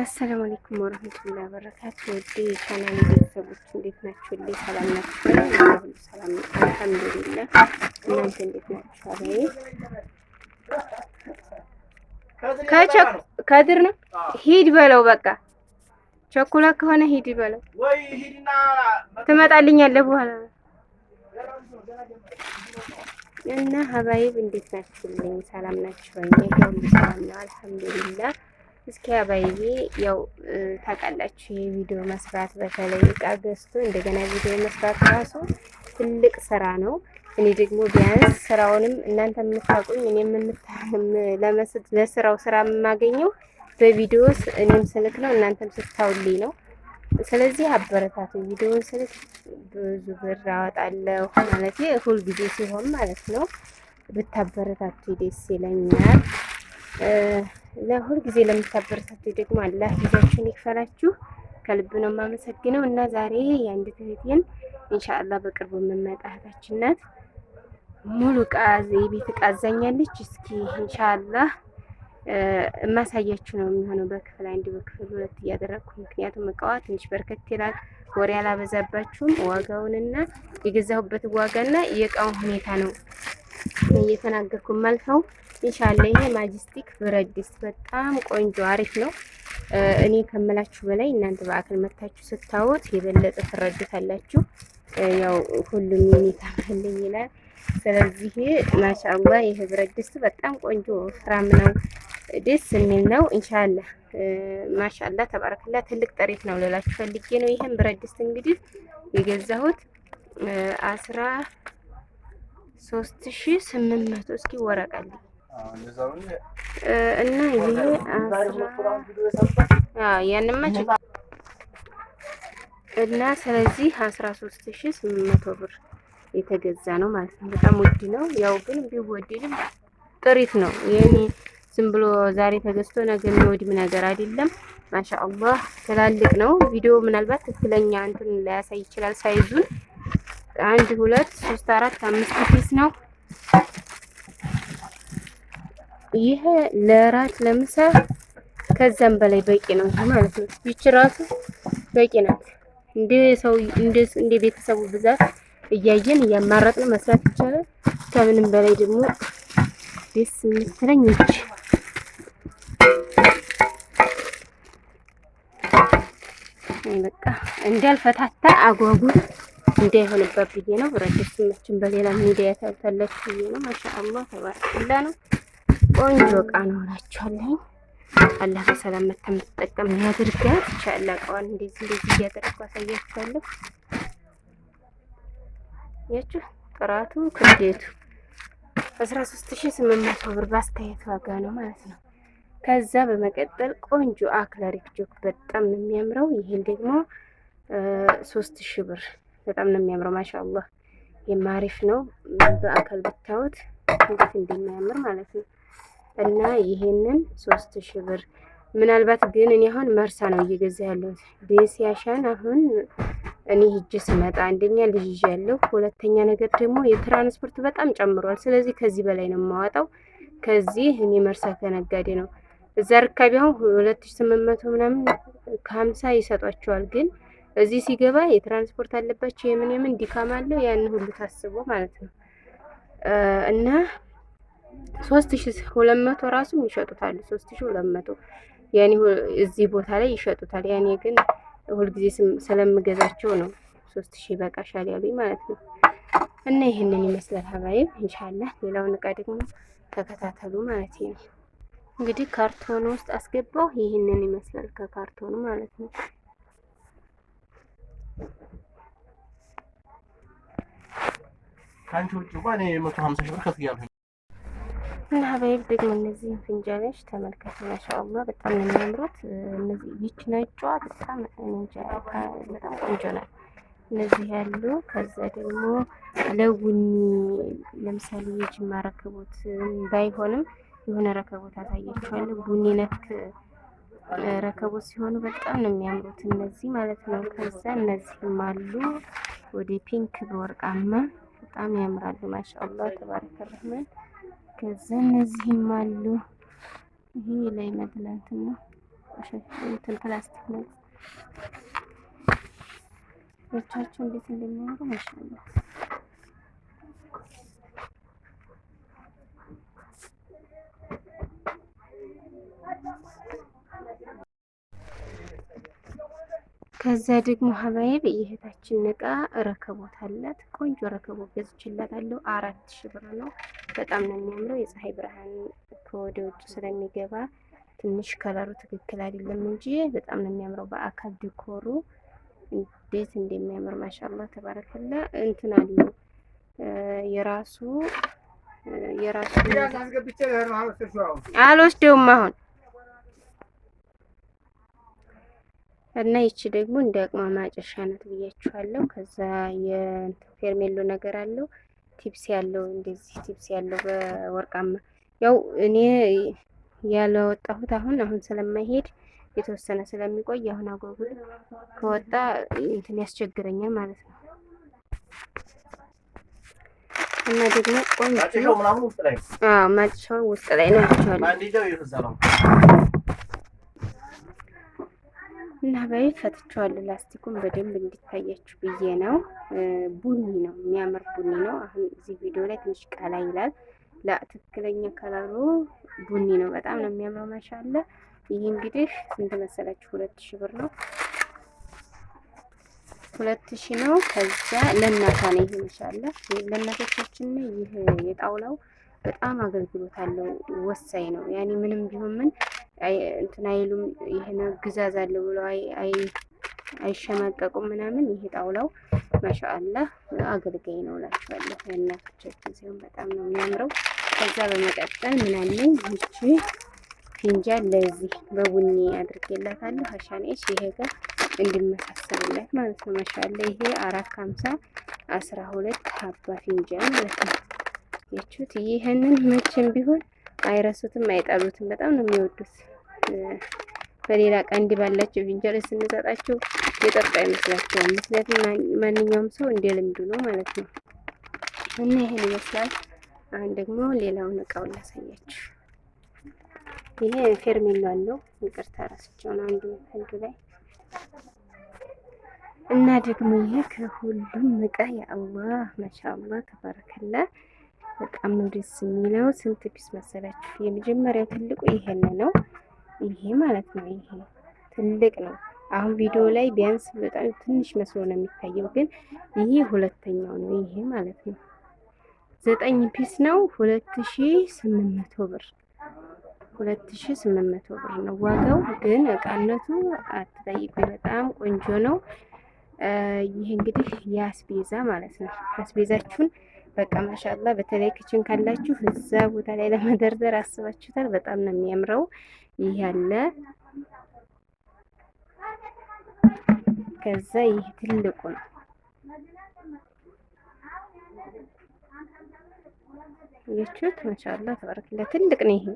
አሰላሙ አለይኩም ወረህመቱላሂ ወበረካቱ። ወደ የቻናል ቤተሰቦች እንዴት ናችሁልኝ? ሰላም ናችሁ? ሁሉ ሰላም አልሐምዱሊላህ። እናንተ እንዴት ናችሁ? ከድር ነው ሂድ በለው በቃ ቸኩላ ከሆነ ሂድ በለው። ትመጣልኛለህ በኋላ እና ሀባይብ እንዴት ናችሁልኝ? ሰላም ናችሁ? ሁሉ ሰላም ነው አልሐምዱሊላህ እስኪ አባይዬ ያው ታውቃላችሁ የቪዲዮ መስራት በተለይ እቃ ገዝቶ እንደገና ቪዲዮ መስራት ራሱ ትልቅ ስራ ነው። እኔ ደግሞ ቢያንስ ስራውንም እናንተ የምታውቁኝ እኔ ለመስት ለስራው ስራ የማገኘው በቪዲዮስ እኔም ስልክ ነው እናንተም ስታውልኝ ነው። ስለዚህ አበረታቱ። ቪዲዮን ስልክ ብዙ ብር አወጣለሁ ማለት ሁልጊዜ ሲሆን ማለት ነው ብታበረታቱ ደስ ይለኛል። ለሁል ጊዜ ለምታበረታቱ ደግሞ አላህ ጊዜያችሁን ይክፈላችሁ። ከልብ ነው የማመሰግነው እና ዛሬ የአንድ እህቴን ኢንሻአላህ በቅርቡ የምመጣ እህታችን ናት። ሙሉ እቃ የቤት እቃ አዛኛለች። እስኪ ኢንሻአላህ የማሳያችሁ ነው የሚሆነው በክፍል አንድ በክፍል ሁለት እያደረግኩ ምክንያቱም እቃዋ ትንሽ በርከት ይላል። ወሬ አላበዛባችሁም። ዋጋውንና የገዛሁበት ዋጋና የእቃውን ሁኔታ ነው እየተናገርኩ ማልፈው ኢንሻአላ ይሄ ማጅስቲክ ብረት ድስት በጣም ቆንጆ አሪፍ ነው። እኔ ከምላችሁ በላይ እናንተ በአካል መታችሁ ስታዩት የበለጠ ትረዱታላችሁ። ያው ሁሉም የኔ ታማልኝ ይላል። ስለዚህ ማሻአላ ይሄ ብረት ድስት በጣም ቆንጆ ፍራም ነው፣ ደስ የሚል ነው። ኢንሻአላ ማሻአላ ተባረከላ ትልቅ ጥሪት ነው ልላችሁ ፈልጌ ነው። ይሄን ብረት ድስት እንግዲህ የገዛሁት አስራ ሶስት ሺህ ስምንት መቶ እስኪ ወረቀልኝ እና ይሄ እና ስለዚህ አስራ ሶስት ሺህ ስምንት መቶ ብር የተገዛ ነው ማለት ነው። በጣም ውድ ነው። ያው ግን ቢወድድም ጥሪት ነው። ይሄን ዝም ብሎ ዛሬ ተገዝቶ ነገ የሚወድም ነገር አይደለም። ማሻአላህ ትላልቅ ነው። ቪዲዮ ምናልባት ትክክለኛ እንትን ላያሳይ ይችላል። ሳይዙን አንድ ሁለት ሶስት አራት አምስት ፒስ ነው። ይሄ ለራት ለምሳ ከዛም በላይ በቂ ነው ማለት ነው። ይቺ ራሱ በቂ ናት። እንደ ሰው እንደ ቤተሰቡ ብዛት እያየን እያማረጥን መስራት ይቻላል። ከምንም በላይ ደግሞ ደስ የምትለኝ ይቺ በቃ እንዳልፈታታ አጓጉል እንዳይሆንባት ብዬ ነው። ብረት ድስቶችን በሌላ ሚዲያ ታውታላችሁ ብዬ ነው። ማሻአላህ ተባረከላ ነው። ቆንጆ እቃ ነው እላችኋለሁ። አላህ በሰላም መታ የምትጠቀም ያድርጋት። ኢንሻአላህ እንደዚህ እንደዚህ እያደረኩ አሳያችኋለሁ። ያችሁ ጥራቱ ክብደቱ አስራ ሶስት ሺ ስምንት መቶ ብር ባስተያየት ዋጋ ነው ማለት ነው። ከዛ በመቀጠል ቆንጆ አክለሪክ ጆክ በጣም ነው የሚያምረው። ይሄን ደግሞ ሶስት ሺ ብር በጣም ነው የሚያምረው። ማሻአላህ የማሪፍ ነው። በአካል ብታዩት እንዴት እንደሚያምር ማለት ነው። እና ይሄንን ሶስት ሺህ ብር ምናልባት ግን እኔ አሁን መርሳ ነው እየገዛ ያለሁት። ቤስ ያሻን አሁን እኔ ሂጅ ስመጣ አንደኛ ልጅ ይዤ ያለሁ፣ ሁለተኛ ነገር ደግሞ የትራንስፖርት በጣም ጨምሯል። ስለዚህ ከዚህ በላይ ነው የማወጣው። ከዚህ እኔ መርሳ ከነጋዴ ነው እዛ ርካቢ አሁን ሁለት ሺ ስምንት መቶ ምናምን ከሀምሳ ይሰጧቸዋል። ግን እዚህ ሲገባ የትራንስፖርት አለባቸው የምን የምን ድካም አለው ያን ሁሉ ታስቦ ማለት ነው እና ሶስት ሺ ሁለት መቶ ራሱ ይሸጡታል። ሶስት ሺ ሁለት መቶ ያኔ እዚህ ቦታ ላይ ይሸጡታል። ያኔ ግን ሁልጊዜ ስለምገዛቸው ነው ሶስት ሺ በቃሻል ያሉኝ ማለት ነው። እና ይህንን ይመስላል ሀባይብ ኢንሻላህ። ሌላውን እቃ ደግሞ ተከታተሉ ማለት ነው። እንግዲህ ካርቶን ውስጥ አስገባው ይህንን ይመስላል ከካርቶኑ ማለት ነው። ከአንቺ ውጭ እንኳን መቶ ሀምሳ ሺህ ብር ከፍያለሁ። እና ሀበይብ ደግሞ እነዚህ ፍንጃሎች ተመልከቱ። ማሻአላ በጣም ነው የሚያምሩት። እነዚህ ይች ነጯ በጣም እንጃ በጣም ቆንጆ ናት። እነዚህ ያሉ ከዛ ደግሞ ለቡኒ ለምሳሌ የጅማ ረከቦት ባይሆንም የሆነ ረከቦት አሳያችኋለሁ። ቡኒ ነክ ረከቦት ሲሆኑ በጣም ነው የሚያምሩት እነዚህ ማለት ነው። ከዛ እነዚህም አሉ ወደ ፒንክ በወርቃማ በጣም ያምራሉ። ማሻአላ ተባረከ ረህማን ከዛ እነዚህም አሉ። ይሄ ላይ መድላት ነው እንትን ፕላስቲክ ነው። ወቻቸው እንዴት እንደሚያምሩ ማሻአላ ከዛ ደግሞ ሀባይብ የእህታችን እቃ ረከቦት አላት። ቆንጆ ረከቦት ገዝችላታለሁ። አራት ሺህ ብር ነው። በጣም ነው የሚያምረው። የፀሐይ ብርሃን ከወደ ውጭ ስለሚገባ ትንሽ ከለሩ ትክክል አይደለም እንጂ በጣም ነው የሚያምረው። በአካል ዲኮሩ እንዴት እንደሚያምር ማሻላ ተባረከላ። እንትን አለው የራሱ የራሱ አልወስደውም አሁን እና ይቺ ደግሞ እንደ አቅማማ ጨሻ ናት ብያችኋለሁ። ከዛ የፌርሜሎ ነገር አለው ቲፕስ ያለው እንደዚህ ቲፕስ ያለው በወርቃማ ያው እኔ ያለወጣሁት አሁን አሁን ስለማይሄድ የተወሰነ ስለሚቆይ አሁን አጎጉል ከወጣ እንትን ያስቸግረኛል ማለት ነው። እና ደግሞ ቆንጆ ማጨሻው ውስጥ ላይ ነው ብቻ እና በይ ፈትቼዋለሁ። ላስቲኩን በደንብ እንዲታያችሁ ብዬ ነው። ቡኒ ነው፣ የሚያምር ቡኒ ነው። አሁን እዚህ ቪዲዮ ላይ ትንሽ ቀላ ይላል። ለትክክለኛ ከለሩ ቡኒ ነው። በጣም ነው የሚያምረው። ማሻለ ይህ እንግዲህ ስንት መሰላችሁ? ሁለት ሺ ብር ነው። ሁለት ሺ ነው። ከዚያ ለእናታ ነው ይሄ ማሻለ ለእናቶቻችን ይህ የጣውላው በጣም አገልግሎት አለው። ወሳኝ ነው። ያኔ ምንም ቢሆን ምን እንትን አይሉም። ይሄን ግዛዝ አለ ብለው አይሸማቀቁም ምናምን። ይሄ ጣውላው ማሻአላህ አገልጋይ ነው እላችኋለሁ። የእናቶቻችን ሲሆን በጣም ነው የሚያምረው። ከዛ በመቀጠል ምናምን ይቺ ፊንጃል ለዚህ በቡኒ አድርጌላታለሁ። አሻኔሽ ይሄ ጋር እንድመሳሰልላት ማለት ነው። ማሻአላ ይሄ አራት ከሀምሳ አስራ ሁለት ሀባ ፊንጃል ማለት ነው። ያችሁት ይህንን መቼም ቢሆን አይረሱትም፣ አይጠሉትም። በጣም ነው የሚወዱት። በሌላ ቀንድ ባላቸው ፊንጀር ስንሰጣቸው የጠጣ አይመስላቸውም። ምክንያቱም ማንኛውም ሰው እንደ ልምዱ ነው ማለት ነው። እና ይሄን ይመስላል። አሁን ደግሞ ሌላውን እቃውን ላሳያችሁ። ይሄ ፌርሜሎ አለው። ይቅርታ ራሳቸውን አንዱ አንዱ ላይ እና ደግሞ ይሄ ከሁሉም እቃ የአላህ ማሻአላ ተባረከላ በጣም ነው ደስ የሚለው። ስንት ፒስ መሰላችሁ? የመጀመሪያው ትልቁ ይሄን ነው። ይሄ ማለት ነው። ይሄ ትልቅ ነው። አሁን ቪዲዮ ላይ ቢያንስ በጣም ትንሽ መስሎ ነው የሚታየው፣ ግን ይሄ ሁለተኛው ነው። ይሄ ማለት ነው ዘጠኝ ፒስ ነው። ሁለት ሺ ስምንት መቶ ብር ሁለት ሺ ስምንት መቶ ብር ነው ዋጋው፣ ግን እቃነቱ አትጠይቁ፣ በጣም ቆንጆ ነው። ይሄ እንግዲህ የአስቤዛ ማለት ነው። አስቤዛችሁን በቃ ማሻላ በተለይ ክችን ካላችሁ እዛ ቦታ ላይ ለመደርደር አስባችሁታል። በጣም ነው የሚያምረው። ይህ ያለ ከዛ ይህ ትልቁ ነው። የችሁት ማሻላ ተባረክላ ትልቅ ነው ይሄ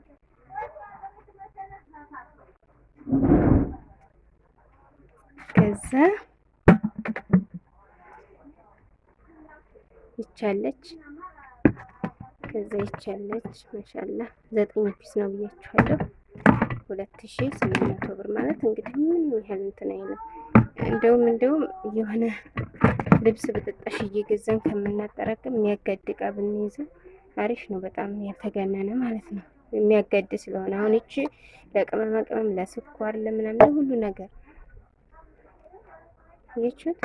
ከዛ ይቻለች ከዛ ይቻለች ማሻላ ዘጠኝ ፒስ ነው ብያችኋለሁ። ሁለት ሺ ስምንት መቶ ብር ማለት እንግዲህ ምን ያህል እንትን አይነት እንደውም እንደውም የሆነ ልብስ ብጥጣሽ እየገዛን ከምናጠራቅም የሚያጋድቃ ብንይዘው አሪፍ ነው። በጣም ያልተጋነነ ማለት ነው የሚያጋድ ስለሆነ አሁን እቺ ለቅመማ ቅመም፣ ለስኳር፣ ለምናምን ሁሉ ነገር ይችት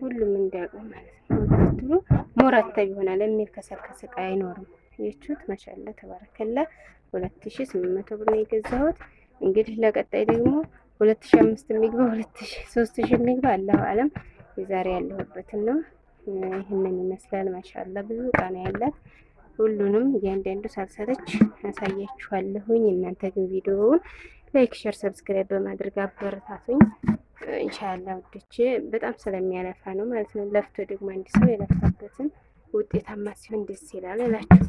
ሁሉም እንዲያውቁ ማለት ነው። ስትሉ ሞረተብ ይሆናል የሚል ከሰከስቃ አይኖርም። የችሁት ማሻአላ ተባረከላ። 2800 ብር ነው የገዛሁት። እንግዲህ ለቀጣይ ደግሞ ሁለት ሺ አምስት የሚግባ ሁለት ሺ ሶስት ሺ የሚግባ አላሁ አለም። የዛሬ ያለሁበትን ነው ይህንን ይመስላል። ማሻአላ ብዙ እቃ ነው ያላት። ሁሉንም እያንዳንዱ ሳልሰለች አሳያችኋለሁኝ። እናንተ ግን ቪዲዮውን ላይክ፣ ሼር፣ ሰብስክራይብ በማድረግ አበረታቱኝ። ኢንሻላህ በጣም ስለሚያለፋ ነው ማለት ነው። ለፍቶ ደግሞ አንድ ሰው የለፋበትን ውጤታማ ሲሆን ደስ ይላል እላችሁ